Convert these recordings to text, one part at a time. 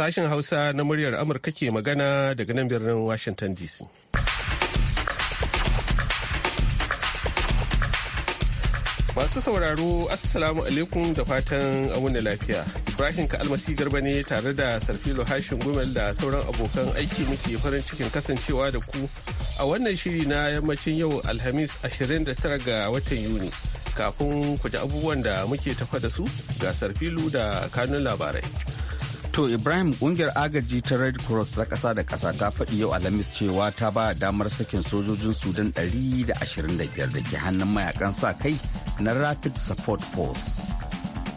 Sashen Hausa na muryar Amurka ke magana daga nan birnin Washington DC. Masu sauraro Assalamu alaikum da fatan wani lafiya. Ibrahim ka Almasi Garba ne tare da Sarfilo Hashin Gumel da sauran abokan aiki muke farin cikin kasancewa da ku a wannan shiri na yammacin yau Alhamis 29 ga watan Yuni. Kafin ku ji abubuwan da muke tafa da su ga Sarfilu da kanun labarai. To Ibrahim ƙungiyar agaji ta Red Cross ta ƙasa da ƙasa ta faɗi yau Alhamis cewa ta ba damar sakin sojojin Sudan 125 da ke hannun mayakan sa kai na Rapid Support Force.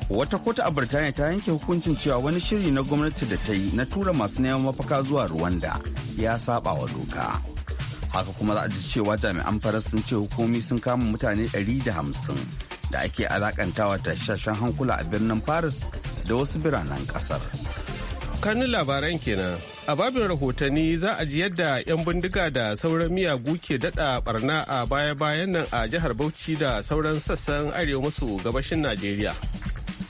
Wata kotu a Birtaniya ta yanke hukuncin cewa wani shiri na gwamnati da ta yi na tura masu neman mafaka zuwa Rwanda ya saba wa doka. Haka kuma za a ji cewa jami'an faras sun ce hukumi sun kama mutane 150 da ake alakantawa ta hankula a birnin Paris da wasu biranen kasar. kanin labaran kenan a babin rahotanni za a ji yadda 'yan bindiga da sauran miyagu ke dada barna a baya-bayan nan a jihar bauchi da sauran sassan arewa maso gabashin najeriya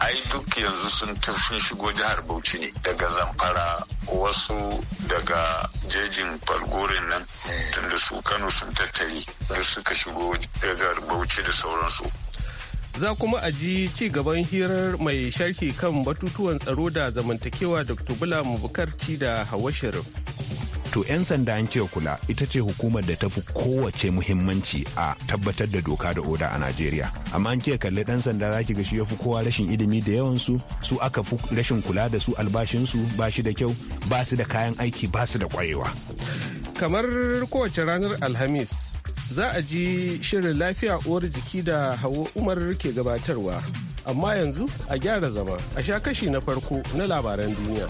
ai duk yanzu sun tafi shigo jihar bauchi ne daga zamfara wasu daga jejin falgorin nan tunda su kano sun tattare da suka shigo jihar bauchi da sauransu za kuma a ji ci gaban hirar mai sharhi kan batutuwan tsaro da zamantakewa dr bula mubukarci da hawa to 'yan sanda an ce kula ita ce hukumar da ta fi kowace muhimmanci a tabbatar da doka da oda a najeriya amma an ce kalli ɗan sanda za ki gashi ya fi kowa rashin ilimi da yawansu su su aka fi rashin kula da su albashinsu ba shi da kyau ba su da kayan aiki ba su da kwarewa kamar kowace ranar alhamis za a ji shirin lafiya uwar jiki da hawa umar ke gabatarwa amma yanzu a gyara zama a sha kashi na farko na labaran duniya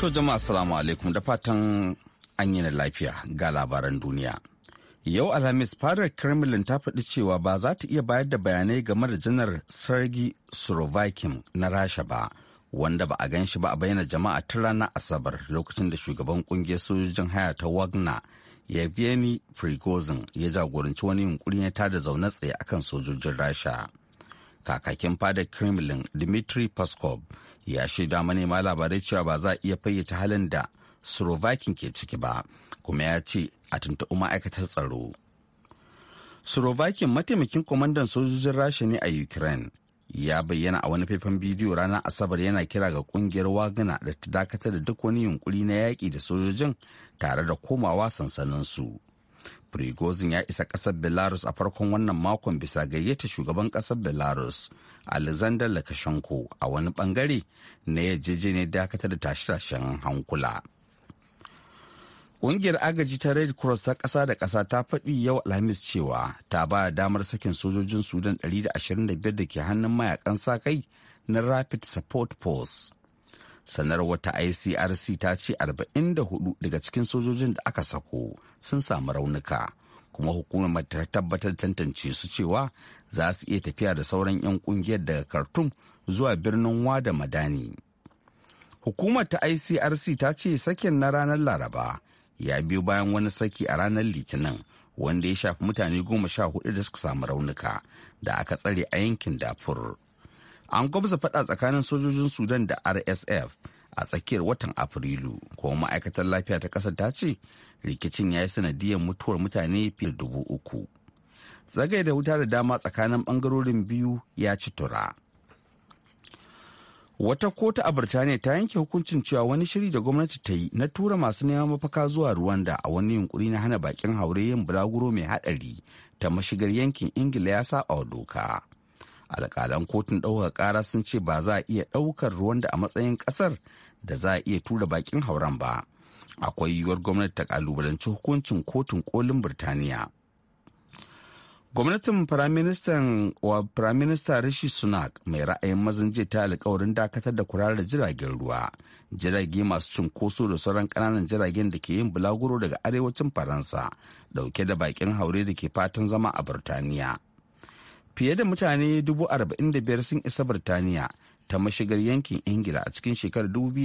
to jama'a assalamu alaikum da fatan an yi na lafiya ga labaran duniya yau alhamis fadar kremlin ta faɗi cewa ba za ta iya bayar da bayanai game da janar sergi surovikin na rasha ba wanda ba a gan shi ba a bayyana jama'a tun ranar asabar lokacin da shugaban kungiyar sojojin haya ta wagner yevgeny prigozhin ya jagoranci wani yunkuri ya tada zaune tsaye akan sojojin rasha kakakin fada kremlin dmitry peskov ya shaida manema labarai cewa ba za a iya fayyace halin da slovakin ke ciki ba kuma ya ce a tuntuɓi ma'aikatar tsaro slovakin mataimakin kwamandan sojojin rasha ne a ukraine ya bayyana a wani faifan bidiyo ranar asabar yana kira ga kungiyar wagana da ta dakatar da duk wani yunkuri na yaƙi da sojojin tare da komawa sansaninsu prigozin ya isa ƙasar belarus a farkon wannan makon bisa gayyata shugaban ƙasar belarus alexander lukashenko a wani bangare na yarjejeniyar dakatar da tashe-tashen hankula. Ƙungiyar agaji ta Red Cross ta ƙasa da ƙasa ta faɗi yau Alhamis cewa ta ba damar sakin sojojin Sudan 125 da ke hannun mayakan sa kai na Rapid Support Force. Sanarwar ta ICRC ta ce 44 daga cikin sojojin da aka sako sun samu raunuka, kuma hukumar ta tabbatar tantance su cewa za su iya tafiya da sauran 'yan ƙungiyar daga Khartoum zuwa birnin Wada Madani. Hukumar ta ICRC ta ce sakin na ranar Laraba. ya biyo bayan wani saki a ranar litinin wanda ya shafi mutane goma sha hudu da suka samu raunuka da aka tsare a yankin dafur an gwamza faɗa tsakanin sojojin sudan da rsf a tsakiyar watan afrilu kuma ma'aikatar lafiya ta kasar ta ce rikicin ya yi sanadiyar mutuwar mutane fiye da dubu uku tsagai da wuta da dama tsakanin bangarorin biyu ya ci tura wata kota a birtaniya ta yanke hukuncin cewa wani shiri da gwamnati ta yi na tura masu neman mafaka zuwa rwanda a wani yunkuri na hana bakin haure yin bulaguro mai hadari ta mashigar yankin ingila ya saba wa doka alkalan kotun ɗaukar ƙara sun ce ba za a iya ɗaukar rwanda a matsayin ƙasar da za a iya tura bakin hauren ba akwai yiwuwar gwamnati ta ƙalubalanci hukuncin kotun kolin birtaniya Gwamnatin Firaministan wa Firaminista Rishi Sunak mai ra'ayin mazan jiya ta alkawarin dakatar da kurarar jiragen ruwa, jirage masu cunkoso da sauran ƙananan jiragen da ke yin bulaguro daga arewacin Faransa dauke da bakin haure da ke fatan zama a Birtaniya. Fiye da mutane dubu sun isa Birtaniya ta mashigar yankin Ingila a cikin shekarar dubu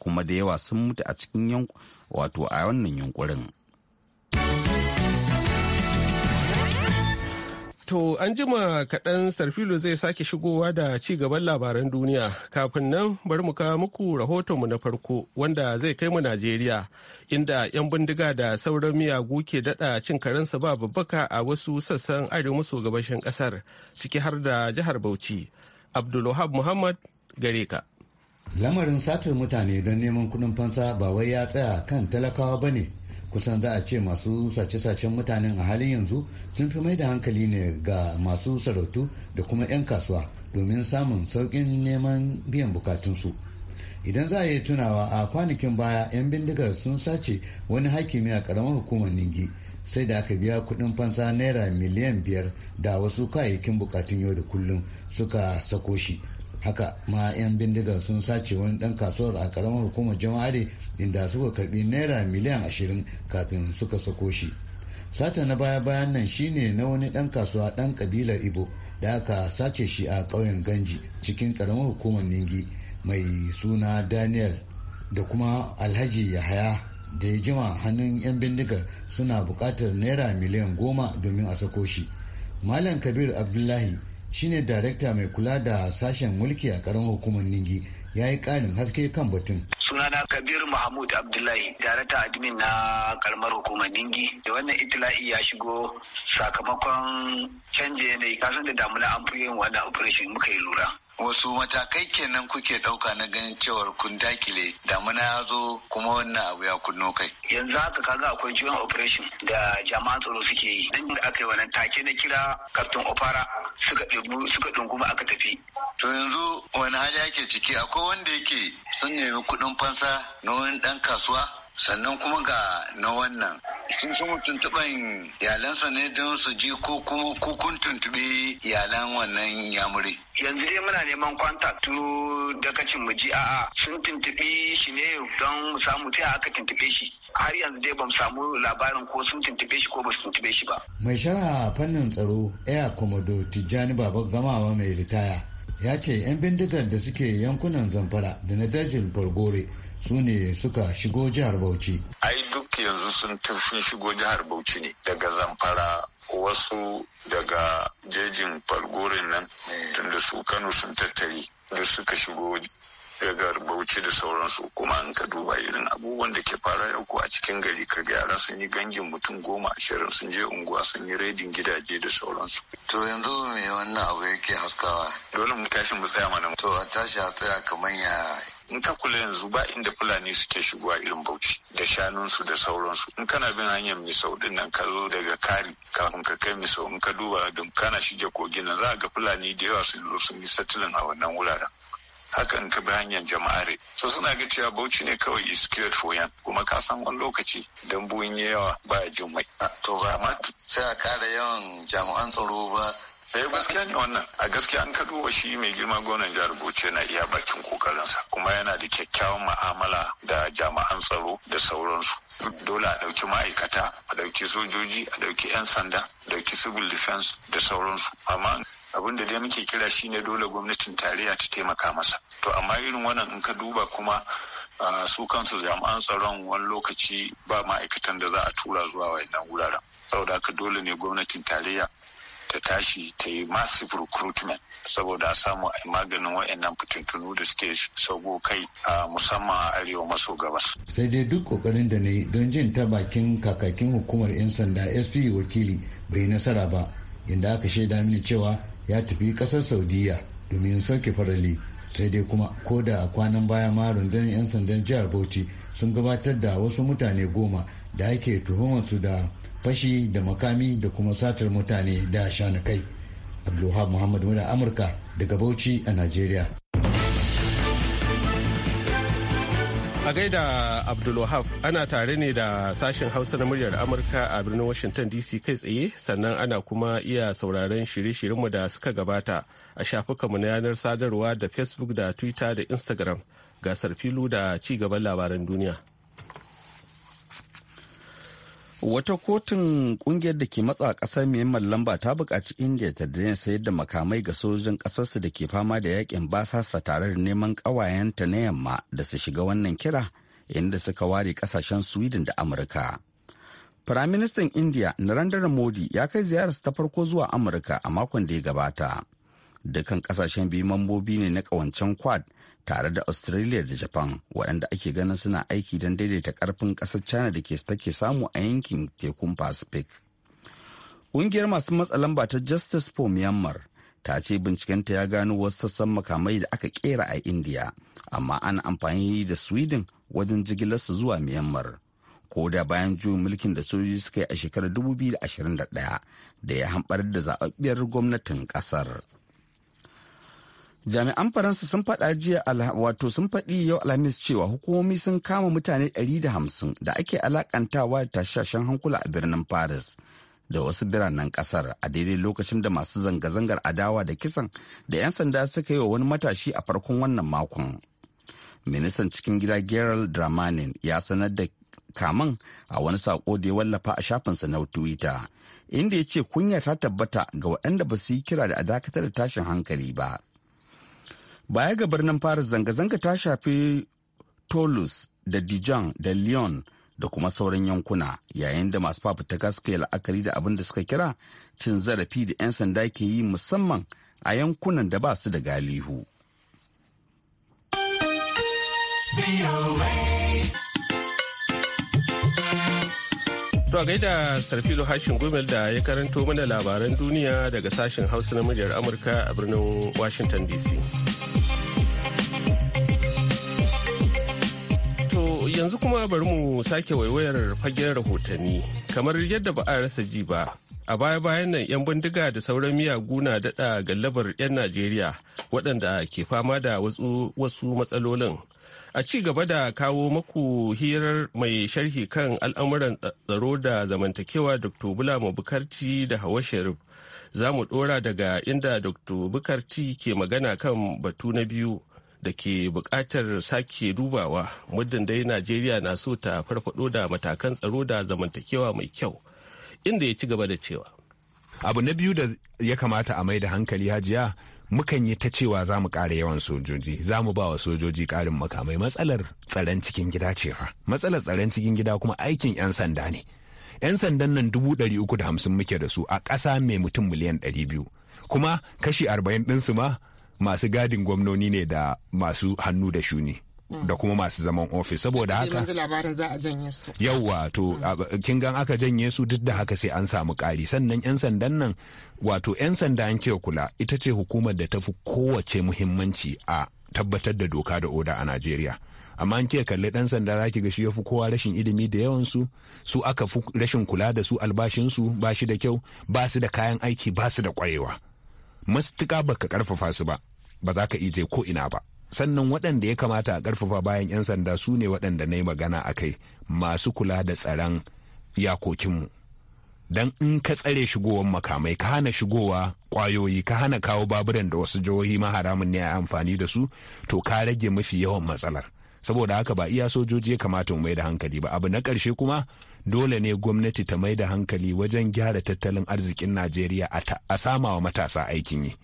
kuma da yawa sun mutu a cikin wato a wannan yunkurin. To an jima kaɗan Sarfilo zai sake shigowa da ci gaban labaran duniya kafin nan bari mu kawo muku rahotonmu na farko wanda zai kai mu Najeriya inda 'yan bindiga da sauran miyagu ke daɗa cin karensa ba babbaka a wasu sassan arewa maso gabashin ƙasar ciki har da jihar Bauchi. Abdulwahab Muhammad gare ka. Lamarin satar mutane don neman kuɗin fansa ba wai ya tsaya kan talakawa ba ne. kusan za a ce masu sace-sacen mutanen a halin yanzu sun fi mai da hankali ne ga masu sarautu da kuma 'yan kasuwa domin samun sauƙin neman biyan bukatunsu idan za a yi tunawa a kwanakin baya 'yan bindigar sun sace wani hakimi a ƙaramar hukumar ningi sai da aka biya kuɗin fansa naira miliyan biyar da wasu kayayyakin bukatun yau da kullum suka sako shi haka ma 'yan bindigar sun sace wani dan kasuwar a karamar hukumar jama'are inda suka karbi naira miliyan ashirin kafin suka sako shi sata na baya bayan nan shine na wani dan kasuwa dan kabilar ibo da aka sace shi a ƙauyen ganji cikin karamar hukumar ningi mai suna daniel da kuma alhaji yahaya da ya jima hannun 'yan bindigar suna bukatar naira miliyan goma domin a sako shi malam kabir abdullahi shine darekta mai kula da sashen mulki a karamar hukumar ningi ya yi ƙarin haske kan batun. Sunana Kabir Mahmud Abdullahi, darata admin na kalmar hukumar Ningi. Da wannan itila'i ya shigo sakamakon canje yanayi kasan da damuna an fi yin wannan operation muka yi lura. Wasu matakai kenan kuke ɗauka na ganin cewar kun dakile damuna ya zo kuma wannan abu ya kunno kai. Yanzu haka kaga akwai juyan operation da jama'an tsaro suke yi. Dan da aka yi wannan take na kira Captain Opara suka ɗungu suka ɗunguma aka tafi. To yanzu wani hali ake ciki akwai wanda yake sun nemi kuɗin fansa na wani ɗan kasuwa sannan kuma ga na wannan sun so tuntuɓar iyalansa ne don su ji ko kuma kukun tuntuɓe iyalan wannan yamuri. yanzu dai muna neman kwantaktu dakacin mu ji a'a sun tuntuɓi shi ne don mu samu ta aka tuntuɓe shi har yanzu dai bamu samu labarin ko sun tuntuɓe shi ko ba su tuntuɓe shi ba. mai shara fannin tsaro air komodo tijjani baba gamawa mai ritaya ya ce 'yan bindigar da suke yankunan zamfara da na dajin bargore su ne suka shigo jihar Bauchi. Ai duk yanzu sun tafi shigo jihar Bauchi ne daga Zamfara wasu daga jejin falgore nan tunda su Kano sun tattari da suka shigo daga bauchi da sauransu kuma in ka duba irin abubuwan da ke fara yau a cikin gari ka gyara sun yi gangin mutum goma ashirin sun je unguwa sun yi raidin gidaje da sauransu. to yanzu me wannan abu yake haskawa. dole mu tashi mu tsaya mana. to a tashi a tsaya kamar ya in ka kula yanzu ba inda fulani suke shigo a irin bauchi da shanunsu da sauransu in kana bin hanyar misau din nan ka zo daga kari kafin ka kai misau in ka duba don kana shige kogin nan za a ga fulani da yawa sun zo sun yi satilin a wannan wuraren Haka in ka bi hanyar jama'are so suna ga cewa bauchi ne kawai is cured for yan kuma ka san wani lokaci dan buyin yawa ba jin mai ah, to ba ma sai a kara yawan jami'an tsaro ba eh gaskiya ne wannan a gaskiya an wa shi mai girma gwamnan jihar bauchi na iya bakin kokarinsa kuma yana da kyakkyawan ma'amala da jami'an tsaro da sauransu dole a ɗauki ma'aikata a ɗauki sojoji a ɗauki 'yan sanda a ɗauki civil defense da sauransu amma abin da dai muke kira shine dole gwamnatin tarayya ta taimaka masa to amma irin wannan in ka duba kuma su kansu jami'an tsaron wani lokaci ba ma'aikatan da za a tura zuwa wayannan wuraren saboda haka dole ne gwamnatin tarayya ta tashi ta yi massive recruitment saboda a samu a maganin wa'annan fitintunu da suke sauko kai a musamman a arewa maso gabas. sai dai duk kokarin da na yi don jin ta bakin kakakin hukumar 'yan sanda sp wakili bai yi nasara ba inda aka shaida mini cewa ya tafi kasar saudiya domin sauke farali sai dai kuma ko da kwanan baya ma rundunar 'yan sandan jihar bauchi sun gabatar da wasu mutane goma da ake tuhumar su da fashi da makami da kuma satar mutane da kai abdulhab muhammad muna amurka daga bauchi a najeriya a gaida abdulwahab ana tare ne da sashen hausa na muryar amurka a birnin washington dc kai tsaye sannan ana kuma iya sauraron shirye-shiryenmu da suka gabata a mu na yanar sadarwa da facebook da twitter da instagram gasar filu da ci gaban labaran duniya wata kotun kungiyar da ke matsa kasar myanmar lamba ta buƙaci Indiya ta daina sayar da makamai ga sojojin ƙasarsu da ke fama da yakin basasa tare da neman ƙawayenta na yamma da su shiga wannan kira inda suka ware ƙasashen sweden da amurka firaministan india narendra modi ya kai ziyararsa ta farko zuwa amurka a makon da ya gabata dukkan ƙasashen biyu mambobi ne na ƙawancen quad tare da australia da japan waɗanda ake ganin suna aiki don daidaita karfin ƙasar china da ke take samu a yankin tekun pacific ƙungiyar masu matsa lamba ta justice for myanmar ta ce bincikenta ya gano wasu sassan makamai da aka kera a india amma ana amfani da sweden wajen jigilarsu zuwa myanmar ko da bayan juyin mulkin da sojoji suka yi a shekarar 2021 da ya hambar da zaɓaɓɓiyar gwamnatin ƙasar. jami'an faransa sun faɗa jiya wato sun faɗi yau alhamis cewa hukumomi sun kama mutane 150 da ake alakantawa da tashashen hankula a birnin paris da wasu biranen kasar a daidai lokacin da masu zanga-zangar adawa da kisan da 'yan sanda suka yi wa wani matashi a farkon wannan makon ministan cikin gida gerald dramanin ya sanar da kaman a wani sako da ya wallafa a shafinsa na twitter inda ya ce kunya ta tabbata ga waɗanda ba su yi kira da a dakatar da tashin hankali ba baya ga birnin paris zanga-zanga ta shafi toulouse da dijon da lyon da kuma sauran yankuna yayin da masu fafutuka suka yi la'akari da abin da suka kira cin zarafi da 'yan sanda ke yi musamman a yankunan da ba su da galihu. To gaida Sarfilo Hashin Gumel da ya karanto mana labaran duniya daga sashen Hausa na muryar Amurka a birnin Washington DC. yanzu kuma bari mu sake waiwayar fagen rahotanni kamar yadda ba a rasa ji ba a baya-bayan nan 'yan bindiga da sauran miyagu na daɗa gallabar 'yan najeriya waɗanda ke fama da wasu matsalolin a ci gaba da kawo maku hirar mai sharhi kan al'amuran tsaro da zamantakewa dr bula mabukarci da hawa sharif za mu ɗora daga inda dr bukarci ke magana kan batu na biyu da ke bukatar sake dubawa muddin dai najeriya na so ta farfado da matakan tsaro da zamantakewa mai kyau inda ya ci gaba da cewa abu na biyu da ya kamata a mai da hankali hajiya mukan yi ta cewa za mu ƙara yawan sojoji za mu ba wa sojoji karin makamai matsalar tsaron cikin gida ce fa matsalar tsaron cikin gida kuma aikin 'yan sanda ne 'yan sandan nan dubu ɗari uku da hamsin muke da su a ƙasa mai mutum miliyan ɗari biyu kuma kashi arba'in ɗinsu ma masu gadin gwamnoni ne da masu hannu da shuni da kuma masu zaman ofis saboda haka labarin yauwa to kin gan aka janye su duk da haka sai an samu kari sannan 'yan sandan nan wato 'yan sanda an ke kula ita ce hukumar da ta fi kowace muhimmanci a tabbatar da doka da oda a najeriya amma an ke kalli ɗan sanda za ki ga shi ya fi kowa rashin ilimi da yawan su su aka fi rashin kula da su albashin su ba shi da kyau ba su da kayan aiki ba su da kwarewa mastuka baka karfafa su ba ba za ka ije ko ina ba sannan waɗanda ya kamata a karfafa bayan 'yan sanda su ne waɗanda na yi magana a kai masu kula da tsaron iyakokinmu don in ka tsare shigowar makamai ka hana shigowa ƙwayoyi ka hana kawo baburan da wasu jihohi ma haramun ne a amfani da su to ka rage mafi yawan matsalar saboda haka ba iya sojoji ya kamata mu mai da hankali ba abu na ƙarshe kuma dole ne gwamnati ta mai da hankali wajen gyara tattalin arzikin najeriya a samawa matasa aikin yi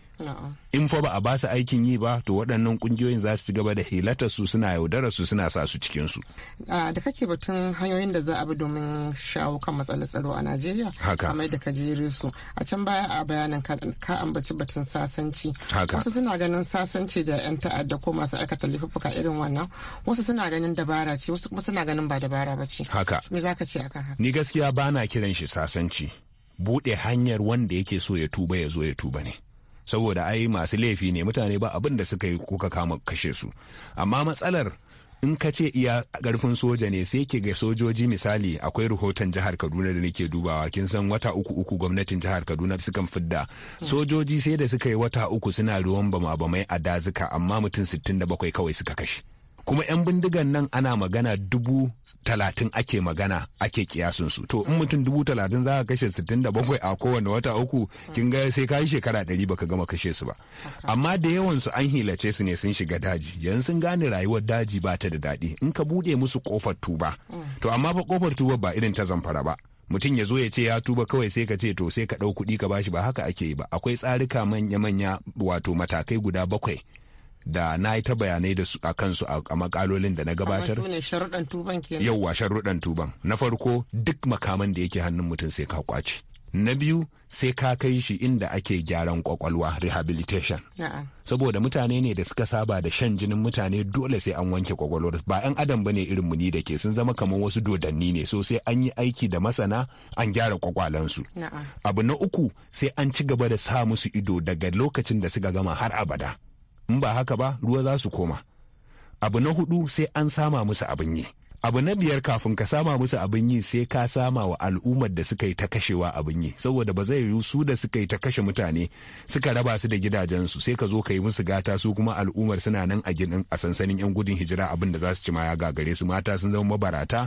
in fa ba a basu aikin yi ba to waɗannan ƙungiyoyin za su ci gaba da hilata su suna yaudara su suna sa su cikin su da kake batun hanyoyin da za a bi domin shawo kan matsalar tsaro a Najeriya haka kamar da ka su a can baya a bayanin ka ambaci batun sasanci haka wasu suna ganin sasanci da yan ta'adda ko masu aikata laifuka irin wannan wasu suna ganin dabara ce wasu suna ganin ba dabara ba ce haka me zaka ce akan haka ni gaskiya bana kiran shi sasanci bude hanyar wanda yake so ya tuba ya zo ya tuba ne saboda ai masu laifi ne mutane ba abin da suka yi kuka kama kashe su amma matsalar in ka ce iya karfin soja ne sai ke ga sojoji misali akwai rahoton jihar kaduna da nake dubawa kin san wata uku uku gwamnatin jihar kaduna sukan fidda sojoji sai da suka yi wata uku suna ruwan bama bamai a dazuka amma mutum 67 kawai suka kashe kuma 'yan bindigan nan ana magana dubu talatin ake magana ake kiyasun su to in mutum dubu talatin za ka kashe sittin da bakwai a kowane wata uku kin ga sai ka yi shekara ɗari baka gama kashe su ba amma da yawan su an hilace su ne sun shiga daji yanzu sun gane rayuwar daji ba ta da daɗi in ka buɗe musu kofar tuba mm. to amma fa kofar tuba ba irin ta zamfara ba mutum ya zo ya ce ya tuba kawai sai ka ce to sai ka ɗau kuɗi ka bashi ba haka ake yi ba akwai tsarika manya-manya wato matakai guda bakwai da na yi ta bayanai da su a kansu a makalolin da na gabatar. Amma sharuɗan tuban kenan. Yawwa sharuɗan tuban. Na farko duk makaman da yake hannun mutum sai ka kwace. Na biyu sai ka kai shi inda ake gyaran kwakwalwa rehabilitation. Saboda mutane ne da suka saba da shan jinin mutane dole sai an wanke kwakwalwar ba 'yan adam ba ne irin mu ni da ke sun zama kamar wasu dodanni ne so sai an yi aiki da masana an gyara kwakwalansu. Abu na uku sai an ci gaba da sa musu ido daga lokacin da suka gama har abada. in ba haka ba ruwa za su koma abu na hudu sai an sama musu abin yi abu na biyar kafin ka sama musu abin yi sai ka sama wa al'ummar da suka yi ta kashewa abin yi saboda ba zai yiwu su da suka yi ta kashe mutane suka raba su da gidajensu sai ka zo ka yi musu gata su kuma al'ummar suna nan a ginin a sansanin yan gudun hijira abin da za su ci ma ya gagare su mata sun zama mabarata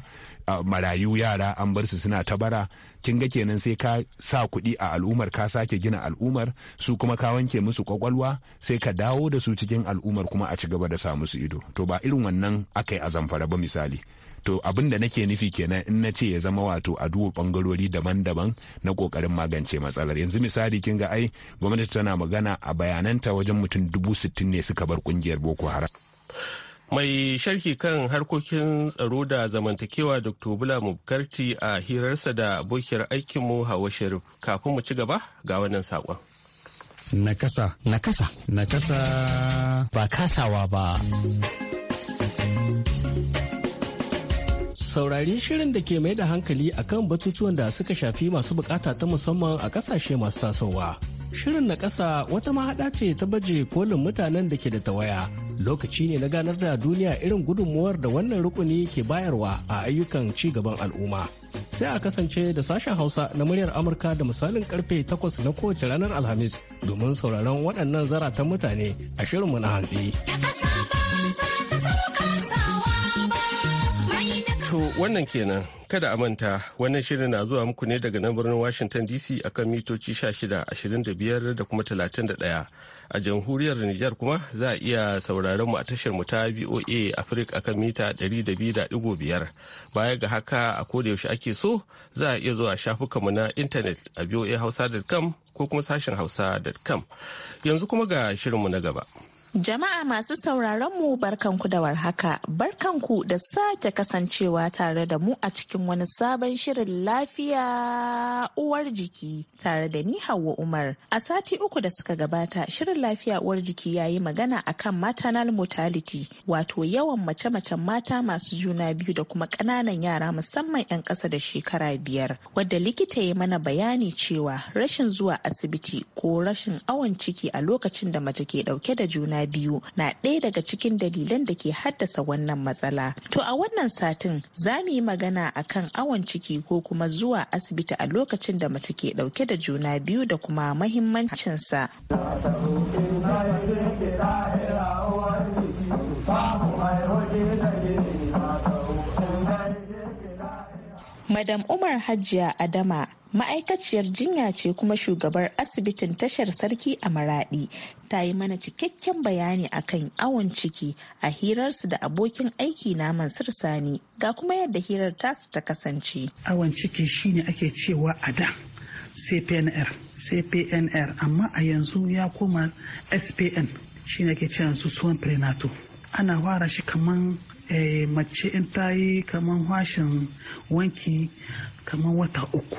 marayu yara an bar su suna ta bara kin ga kenan sai ka sa kuɗi a al'ummar ka sake gina al'ummar su kuma ka wanke musu kwakwalwa sai ka dawo da su cikin al'ummar kuma a ci gaba da sa musu ido to ba irin wannan aka yi a zamfara ba misali to abin da nake nufi kenan in na ce ya zama wato a duba bangarori daban-daban na kokarin magance matsalar yanzu misali kin ga ai gwamnati tana magana a bayananta wajen mutum dubu sittin ne suka bar kungiyar boko haram mai sharhi kan harkokin tsaro da zamantakewa dr bula mubkarti a hirarsa da abokiyar aikinmu hawa sharif kafin mu ci gaba ga wannan saƙon nakasa nakasa nakasa ba kasawa ba saurari shirin da ke mai da hankali akan batutuwan da suka shafi masu bukata ta musamman a kasashe masu tasowa Shirin na ƙasa wata mahaɗa ce ta baje kolin mutanen da ke da tawaya. Lokaci ne na ganar da duniya irin gudunmuwar da wannan rukuni ke bayarwa a ayyukan ci gaban al'umma. Sai a kasance da sashen Hausa na muryar Amurka da misalin karfe takwas na kowace ranar Alhamis domin sauraron waɗannan zaratan mutane a shirin mu na hantsi. To wannan kenan kada a manta wannan shirin na zuwa muku ne daga nan birnin Washington DC akan mitoci 16, 25 da kuma 31. A jamhuriyar Nijar kuma za a iya sauraron mu a tashar mu ta VOA Africa akan mita 200.5. Baya ga haka a koda yaushe ake so za a iya zuwa shafukan mu na intanet a hausa.com ko kuma sashen hausa.com. Yanzu kuma ga shirinmu na gaba. Jama'a masu sauraron mu barkanku da warhaka, barkanku da sake kasancewa tare da mu a cikin wani sabon shirin lafiya uwar jiki tare da ni Hauwa Umar. A sati uku da suka gabata, shirin lafiya uwar jiki ya yi magana akan maternal mortality, wato yawan mace-macen mata masu juna biyu da kuma ƙananan yara musamman 'yan ƙasa da shekara biyar, wadda likita ya mana bayani cewa rashin zuwa asibiti ko rashin awon ciki a lokacin da mace ke dauke da juna biyu na ɗaya daga cikin dalilan da ke haddasa wannan matsala. To a wannan satin za mu yi magana akan awon ciki ko kuma zuwa asibiti a lokacin da mace ke ɗauke da juna biyu da kuma mahimmancinsa. Madam Umar Hajiya Adama ma'aikaciyar jinya ce kuma shugabar asibitin tashar sarki a maradi ta yi mana cikakken bayani akan awon ciki a hirarsu da abokin aiki na mansur sani ga kuma yadda hirar tasu ta kasance awon ciki shine ake cewa a da cpnr cpnr amma a yanzu ya koma spn shine ake cewa su suwan prenatal ana fara shi kamar. Eh, mace in ta yi kamar hashin wanki kamar wata uku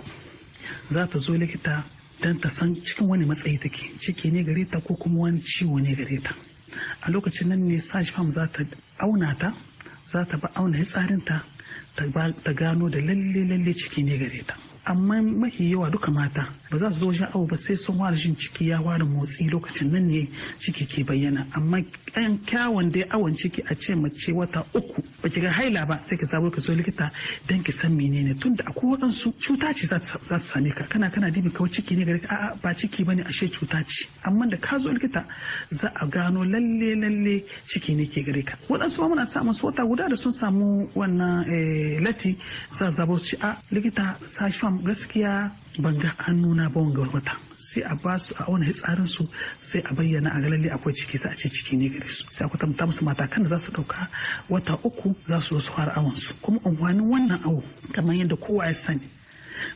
za ta zo likita don ta san cikin wani matsayi take ciki ne gare ta ko kuma wani ciwo ne gare ta a lokacin nan ne sashi fam za ta auna ta za ta ba auna tsarinta ta gano da lalle lalle ciki ne gare ta amma mafi yawa duka mata ba za su zo wajen awo ba sai sun fara jin ciki ya fara motsi lokacin nan ne ciki ke bayyana amma yan kyawun dai awon ciki a ce mace wata uku ba ki ga haila ba sai ki zabo ka so likita dan ki san menene tunda akwai waɗansu cuta ce za ta same ka kana kana dibi kawai ciki ne gare a'a ba ciki bane ashe cuta ce amma da ka zo likita za a gano lalle lalle ciki ne ke gare ka waɗansu ma muna samun su wata guda da sun samu wannan eh, lati za su zabo su ci a likita fam gaskiya ban ga hannuna ba wanga wata sai a ba su a auna hitsarin su sai a bayyana a galalle akwai ciki sai a ce ciki ne gare su sai a kwatanta musu kan da za su dauka wata uku za su wasu fara awon su kuma amfanin wannan awo kamar yadda kowa ya sani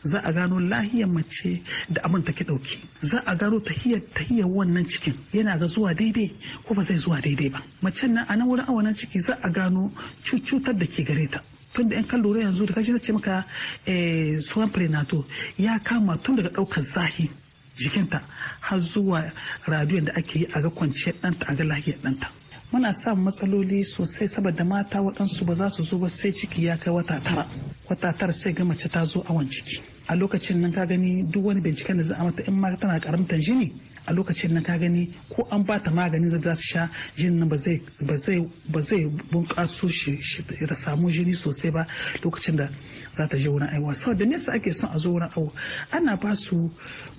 za a gano lahiyar mace da abin take dauki za a gano tahiyar tahiyar wannan cikin yana ga zuwa daidai ko ba zai zuwa daidai ba mace nan a nan wurin awon ciki za a gano cutar da ke gare ta tunda da yan kan lura yanzu da kashi ce maka eh, suwan prenato ya kama tun daga ɗaukar zahi jikinta har zuwa radiyon da ake yi a ga kwanciyar ɗanta a ga lahiyar ɗanta muna samun matsaloli sosai saboda mata waɗansu ba za su zo ba sai ciki ya kai wata tara wata tara sai ga mace ta zo awon ciki a lokacin nan ka gani duk wani binciken da za a mata in ma tana karamtan jini a lokacin nan ka gani ko an ba ta magani da za ta sha jinin nan ba zai bunƙaso shi da samu jini sosai ba lokacin da za ta je wurin aiwa sau da nesa ake son a zo wurin awo ana ba su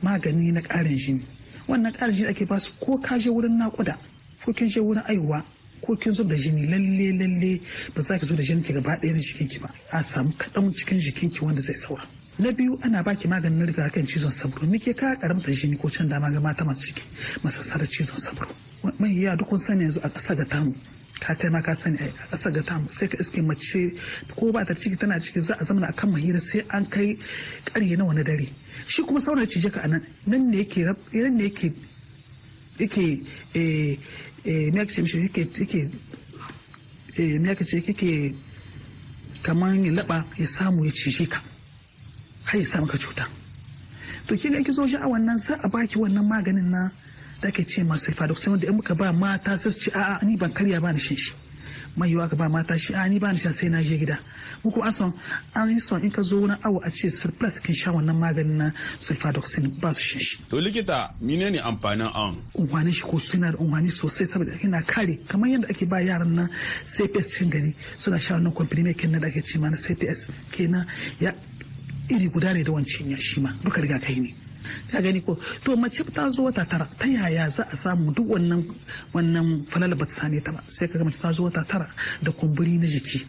magani na ƙarin jini wannan ƙarin jini ake ba su ko ka je wurin naƙuda ko kin je wurin aiwa ko kin zo da jini lalle lalle ba za ki zo da jini ki gaba ɗaya na jikinki ba a samu kaɗan cikin jikinki wanda zai saura na biyu ana baki maganin kan cizon sabro ke ka karamta jini ko can dama ga mata masu ciki masassarar cizon sabro mai ya duk kun sani yanzu a ƙasa ga tamu ka kai ma ka sani a ƙasa ga tamu sai ka iske mace ko ba ta ciki tana ciki za a zama akan mahira sai an kai ƙarye na wani dare shi kuma sauran cije ka anan nan ne yake nan ne yake yake eh eh me yake yake yake eh me yake yake kaman ya laba ya samu ya cije ka har sa samu ka cuta to kiga ki zo sha'awar nan sa a baki wannan maganin na da ake ce masu fadoxin da in muka ba mata sai su ci a'a ni ban karya ba ni shan shi mai yiwa ka ba mata shi a ni ba ni sha sai na je gida muku an son an son in ka zo wani awo a ce surplus kin sha wannan maganin na sulfadoxin ba su shan shi. to likita mine ne amfanin an. Unwani shi ko suna da unhwani sosai saboda ina kare kamar yadda ake ba yaran nan cps cin gari suna sha wannan mai kenan da ake ce ma na cps kenan ya iri guda ne da wancan ya shi ma duka kai ne ka gani ko to mace ta zo wata tara ta yaya za a samu duk wannan wannan falala ba ta same ta ba sai ka ga mace ta zo wata tara da kumburi na jiki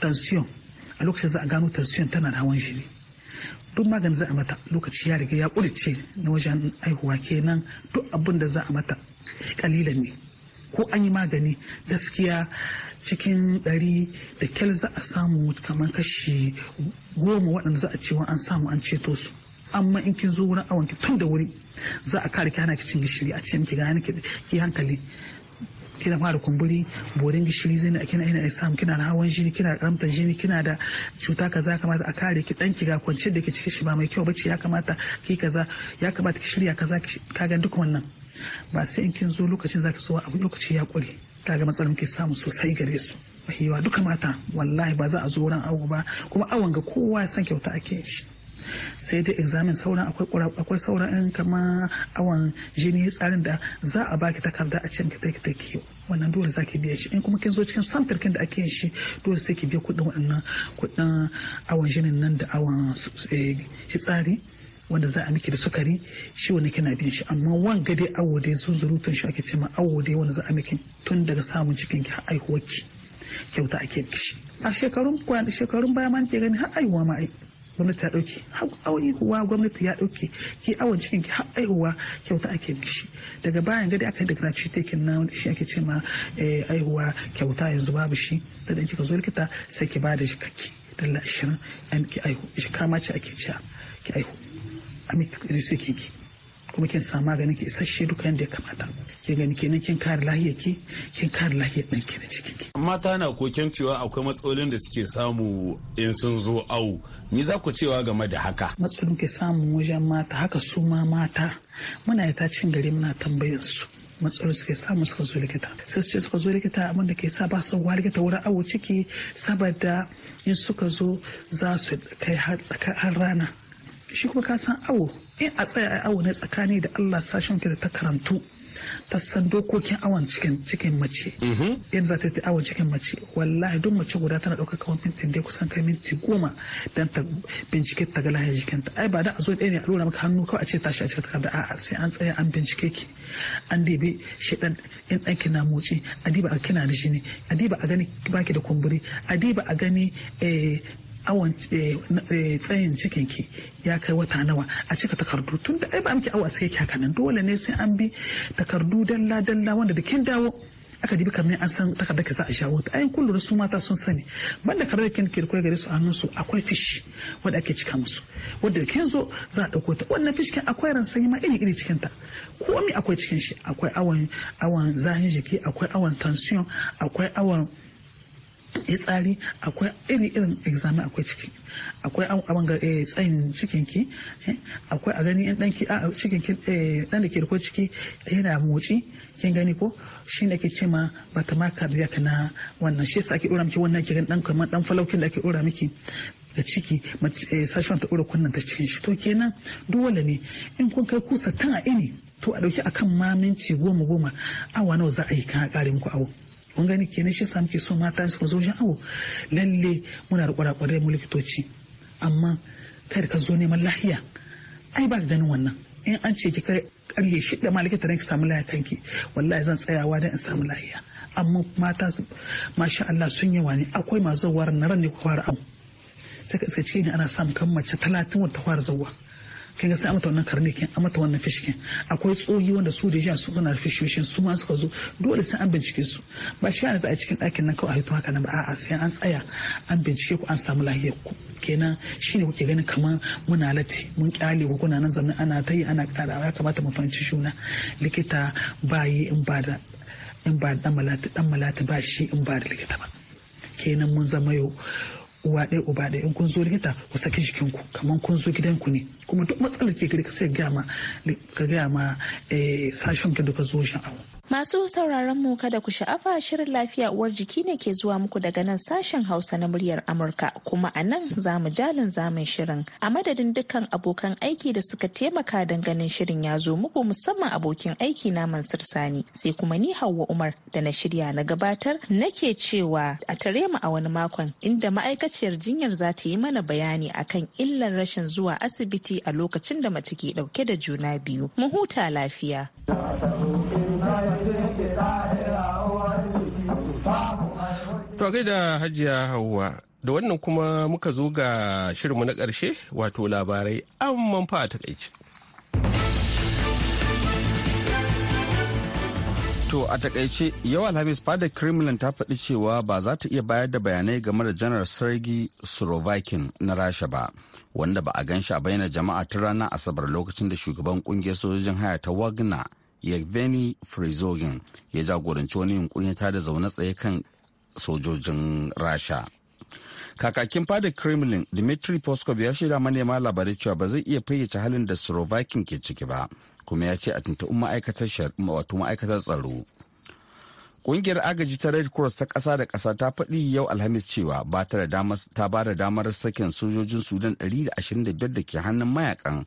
tension a lokacin za a gano tension tana da hawan jini duk magani za a mata lokaci ya riga ya kurce na wajen aihuwa kenan duk abin da za a mata kalilan ne ko an yi magani gaskiya cikin ɗari da kyal za a samu kamar kashi goma waɗanda za a cewa an samu an ceto su amma in kin zo wurin awon tun da wuri za a kare kana kicin gishiri a ce miki gane ki hankali kina fara kumburi borin gishiri zai a kina ina samu kina da hawan jini kina da karamtar jini kina da cuta za kamata a kare ki danki ga kwance da ke cikin shi ba mai kyau bace ya kamata ki kaza ya kamata ki shirya kaza ka ga duk wannan ba sai in kin zo lokacin za zaki so a lokaci ya kure kaga matsalar muke samu sosai gare su mahiwa duka mata wallahi ba za a zo wurin awo ba kuma awon ga kowa ya san kyauta ake shi sai dai examen sauran akwai sauran yan kama awon jini tsarin da za a baki takarda a cikin ta ta kiyo wannan dole za biya shi in kuma kin zo cikin samfir kin da ake yin shi dole sai ki biya kuɗin waɗannan kuɗin awon jinin nan da awon fitsari eh, wanda za a miki da sukari shi wani kina bin shi amma wanga dai awo dai zurutun shi ake cewa awo dai wanda za a miki tun daga samun cikin ki har aihuwar ki kyauta ake miki shi a shekarun kwana shekarun baya ma ke gani har aihuwa ma ai gwamnati ta dauke har aihuwa gwamnati ya dauke ki awon cikin ki har aihuwa kyauta ake miki shi daga bayan gadi aka yi da gratuity taking na shi ake cewa eh, aihuwa kyauta yanzu babu shi da dan kika zo likita sai ki bada shi kake dalla 20 an ki aihu shi kama ce ake cewa ki aihu a ki kuma kin samu maganin ki isasshe duka yadda ya kamata kin gani kenan kin kare lahiyar ki kin kare lahiyar ɗan ki da cikin ki mata na koken cewa akwai matsalolin da suke samu in sun zo awu me za ku cewa game da haka matsalolin ke samu wajen mata haka su ma mata muna yi cin gari muna tambayar su matsalolin suke samu suka zo likita sai su ce suka zo likita abin da ke sa ba su wa likita wurin awo ciki saboda in suka zo za su kai har rana shi kuma ka san awo in a tsaya a awo ne tsakani da Allah sashen da ta karantu ta san dokokin awon cikin cikin mace in mhm. za ta yi awon cikin mace wallahi duk mace guda tana ɗaukar kawon minti da kusan kai minti goma don ta bincike ta ga lahiyar jikinta ai ba da a zo ɗaya ne a lura maka hannu kawai a ce tashi a cikin takarda a'a sai an tsaya an bincike ki an debe shi ɗan in ɗanki na motsi a diba a kina da shi ne a diba a gani baki da kumburi a diba a gani eh, awon eh, eh, tsayin cikin ki ya kai wata nawa a cika takardu tun da ai ba miki awa sai haka nan dole ne sai an bi takardu dalla dalla wanda da kin dawo aka dibi kamar an san takardar ka za a shawo ta ayin kullu su mata sun sani banda karar kin ki koyi gare su a hannun su akwai fish wanda ake cika musu wanda da kin zo za a dauko ta wannan fish kin akwai ran sanyi ma iri iri cikin ta komai akwai cikin shi akwai awan awan zahin jiki akwai awan tension akwai awan Tsari akwai iri irin examen akwai ciki akwai abin ga eh, tsayin cikinki eh, akwai a gani yan danki a cikinki dan eh, da ke da ciki yana motsi kin gani ko shi ne ake ce ma bata ma cardiac na wannan shi yasa ake dora miki wannan ke dan kamar dan falaukin da ake dora miki da ciki sashen ta dora kunnan ta cikin shi to kenan dole ne in kun kai kusa tan a ini to a dauki akan ma minti goma goma awa nawa za a yi kan a kare muku awo kun gani kenan shi samu ke so mata su zo awo lalle muna da kwarakwarai mu likitoci amma kada ka zo neman lahiya ai ba ganin wannan in an ce ki kai karye shida ma likita ki samu lahiya kanki wallahi zan tsayawa dan in samu lahiya amma mata masha Allah sun yi wani akwai masu zawar na ran ne ku fara awo sai ka iska cikin ana samu kan mace talatin wata fara zawa kin ga sai amata wannan karne kin amata wannan fishkin akwai tsohi wanda su da jiya su suna fishoshin su ma suka zo dole sai an bincike su ba shi kana a cikin ɗakin nan kawai a hito haka nan ba a'a sai an tsaya an bincike ku an samu lahiyar ku kenan shine kuke ganin kamar muna lati mun kyale ku kuna nan zaman ana ta yi ana kara ya kamata mu fahimci juna likita ba yi in ba da in ba dan malati dan malati ba shi in ba da likita ba kenan mun zama yau uwa ɗaya uba ɗaya in kun zo likita ku saki ku kamar kun zo gidan ku ne kuma duk matsalar ke gari ka sai ma ka gaya ma eh, sashen ka duka zo shan awo Masu sauraron mu kada ku sha'afa shirin lafiya uwar jiki ne ke zuwa muku daga nan sashen Hausa na muryar Amurka kuma a nan za mu jalin zamun shirin. A madadin dukkan abokan aiki da suka taimaka don ganin shirin ya zo muku musamman abokin aiki na Mansur Sani sai kuma ni Hauwa Umar da na shirya na gabatar nake cewa a tare mu a wani makon inda ma'aikaciyar jinyar za ta yi mana bayani akan illar rashin zuwa asibiti a lokacin da mace ke dauke da juna biyu. Mu huta lafiya. To gaida hajiya Hauwa, da wannan kuma muka zo ga shirinmu na ƙarshe wato labarai an fa a takaici. To a takaice yau Alhamis fadar Kremlin ta faɗi cewa ba za ta iya bayar da bayanai game da janar Sergei Surovakin na Rasha ba, wanda ba a ganshi a bayyana jama'a ta ranar Asabar lokacin da shugaban kungiyar sojojin haya ta Wagner yevgeny prigozhin ya jagoranci wani yunkurin ta da zaune tsaye kan sojojin rasha kakakin fada kremlin dmitry poskov ya shaida manema labarai cewa ba zai iya fayyace halin da slovakian ke ciki ba kuma ya ce a tuntun ma'aikatar wato ma'aikatar tsaro Ƙungiyar agaji ta Red Cross ta ƙasa da ƙasa ta faɗi yau Alhamis cewa ba ta ba da damar sakin sojojin Sudan 125 da ke hannun mayakan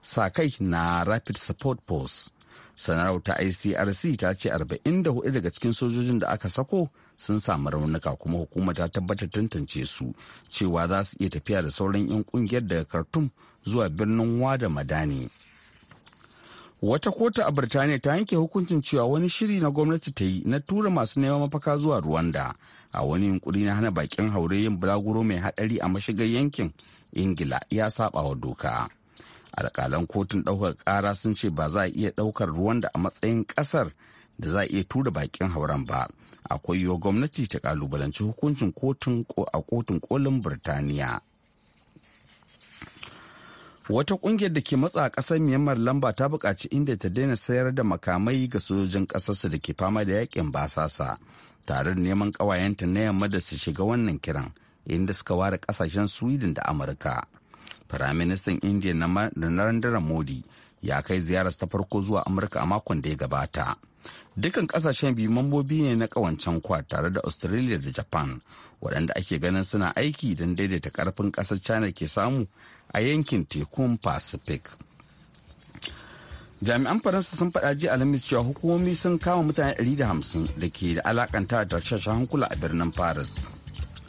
sa kai na Rapid Support Force. sanarwar ta icrc ta ce 44 daga cikin sojojin da aka sako sun samu raunuka kuma hukumar ta tabbatar tantance su cewa za su iya tafiya da sauran 'yan kungiyar daga khartoum zuwa birnin wada madani wata kotu a birtaniya ta yanke hukuncin cewa wani shiri na gwamnati ta yi na tura masu neman mafaka zuwa rwanda a wani yunkuri na hana bakin haure yin bulaguro mai hadari a mashigar yankin ingila ya saba wa doka alkalan kotun ɗaukar ƙara sun ce ba za a iya ɗaukar ruwan da a matsayin ƙasar da za a iya tura bakin hauren ba akwai yiwuwar gwamnati ta kalubalanci hukuncin kotun a kotun kolin birtaniya wata kungiyar da ke matsa a ƙasar myanmar lamba ta buƙaci inda ta daina sayar da makamai ga sojojin ƙasarsu da ke fama da yakin basasa tare da neman ƙawayenta na yamma da su shiga wannan kiran inda suka ware ƙasashen sweden da amurka Firaministan Indiya na Narendra Modi ya kai ziyararsa ta farko zuwa Amurka a makon da ya gabata. Dukan kasashen biyu mambobi ne na kawancen kwa tare da Australia da Japan waɗanda ake ganin suna aiki don daidaita karfin ƙasar China ke samu a yankin tekun Pacific. Jami'an Faransa sun faɗa ji alhamis cewa hukumomi sun kama mutane 150 da ke da alakanta da tashashen hankula a birnin Paris.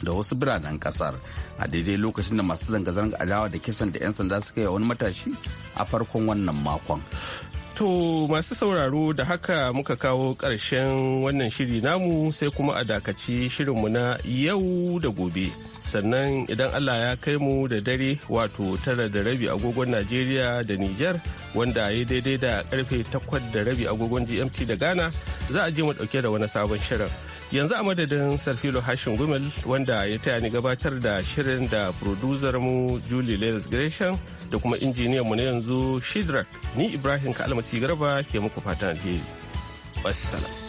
da wasu biranen kasar a daidai lokacin da masu zanga-zanga adawa da kisan da 'yan sanda suka yi wani matashi a farkon wannan makon. To masu sauraro da haka muka kawo ƙarshen wannan shiri namu sai kuma a dakaci shirinmu na yau da gobe. Sannan idan Allah ya kai mu da dare wato tara da rabi agogon Najeriya da Nijar wanda ya daidai da karfe takwas da rabi agogon GMT da Ghana za a je mu ɗauke da wani sabon shirin. yanzu a madadin sarfilo hashin gumel wanda ya taya ni gabatar da shirin da producer mu julie lewis gresham da kuma injiniyan mu na yanzu shidrak ni ibrahim kalmasi garba ke muku fatan alheri wassalam